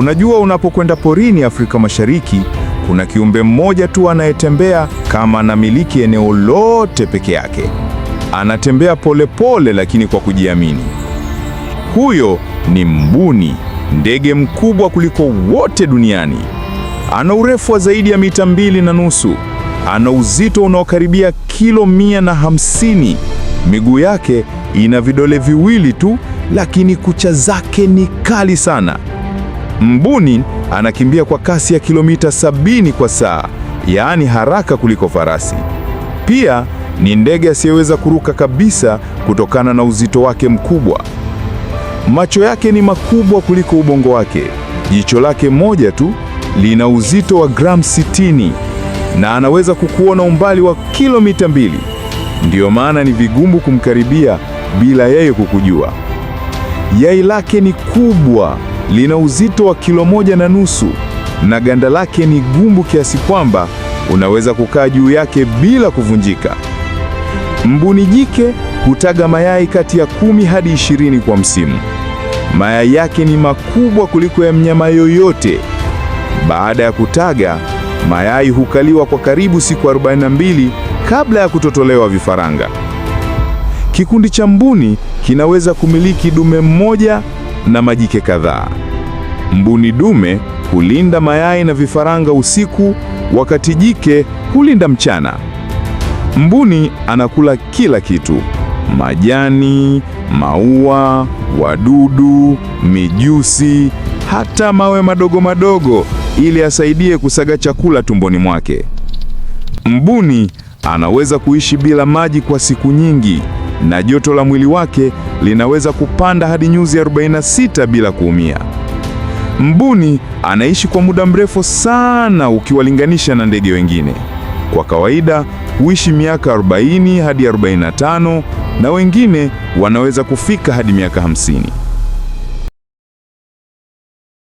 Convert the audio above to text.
Unajua, unapokwenda porini Afrika Mashariki, kuna kiumbe mmoja tu anayetembea kama anamiliki eneo lote peke yake. Anatembea polepole pole, lakini kwa kujiamini. Huyo ni mbuni, ndege mkubwa kuliko wote duniani. Ana urefu wa zaidi ya mita mbili na nusu. Ana uzito unaokaribia kilo mia na hamsini. Miguu yake ina vidole viwili tu, lakini kucha zake ni kali sana. Mbuni anakimbia kwa kasi ya kilomita sabini kwa saa, yaani haraka kuliko farasi. Pia ni ndege asiyeweza kuruka kabisa kutokana na uzito wake mkubwa. Macho yake ni makubwa kuliko ubongo wake. Jicho lake moja tu lina uzito wa gramu 60 na anaweza kukuona umbali wa kilomita mbili. Ndiyo maana ni vigumu kumkaribia bila yeye kukujua. Yai lake ni kubwa lina uzito wa kilo moja na nusu na ganda lake ni gumbu kiasi kwamba unaweza kukaa juu yake bila kuvunjika. Mbuni jike hutaga mayai kati ya kumi hadi ishirini kwa msimu. Mayai yake ni makubwa kuliko ya mnyama yoyote. Baada ya kutaga, mayai hukaliwa kwa karibu siku 42 kabla ya kutotolewa vifaranga. Kikundi cha mbuni kinaweza kumiliki dume mmoja na majike kadhaa. Mbuni dume hulinda mayai na vifaranga usiku, wakati jike hulinda mchana. Mbuni anakula kila kitu: majani, maua, wadudu, mijusi, hata mawe madogo madogo ili asaidie kusaga chakula tumboni mwake. Mbuni anaweza kuishi bila maji kwa siku nyingi na joto la mwili wake linaweza kupanda hadi nyuzi 46 bila kuumia. Mbuni anaishi kwa muda mrefu sana ukiwalinganisha na ndege wengine. Kwa kawaida huishi miaka 40 hadi 45 na wengine wanaweza kufika hadi miaka 50.